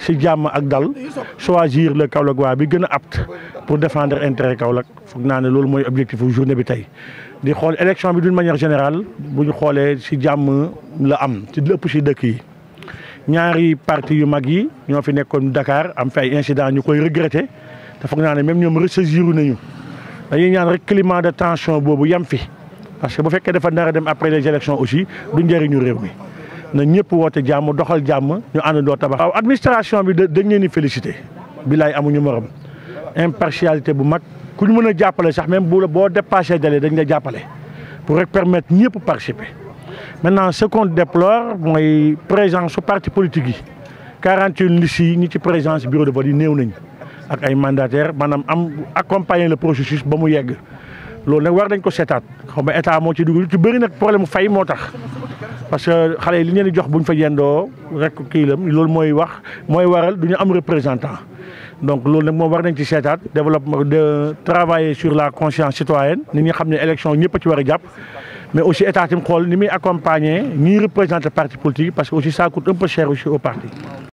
si jàmm ak dal choisir le kaolak wa bi gën apte pour défendre intérêt kaolak fuk naane ne moy mooy objectif journée bi tay di xol élection bi d'une manière générale bu xolé xoolee si jàmm la am ci lepp ci dëkk yi ñaari parti yu mag yi ñoo fi nekkoon Dakar am fay incident ñukoy regretter da fuk naane même ñom ressaisir nañu dañuy ñaan rek climat de tension bobu yam fi parce que bu fekkee dafa nar a dem après les élections aussi du njëriñu réew mi na ñëpp woote jàmm doxal jàmm ñu àndandoo tabax. waaw administration bi dañ leen di félicité bilaay amuñu morom impartialité bu mag ku ñu mën a jàppale sax même bu la dépassé délai dañ la jàppale pour rek permettre ñëpp participer maintenant ce qu'on déplore mooy présence su parti politique yi 41 listes yi ñi ci présence bureau de vote yi néew nañu ak ay mandataires maanaam am accompagner le processus ba mu yegg. loolu nag war nañ ko seetaat xaw ma état moo ci dugg ci bëri nag problème fay moo tax parce que xale yi li ñu leen jox bu ñu fa yendoo rek kii lam loolu mooy wax mooy waral du ñu am représentant donc loolu nag moo war nañ ci seetaat développement de travailler sur la conscience citoyenne ni ñi xam ne élection ñëpp a ci war a jàpp mais aussi état tamit xool ni muy accompagner ñiy représenter parti politique parce que aussi ça coûte un peu cher